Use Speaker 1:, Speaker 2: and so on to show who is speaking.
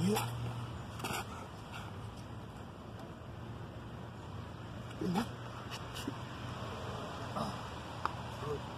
Speaker 1: 응?
Speaker 2: 응? 아,
Speaker 3: 그.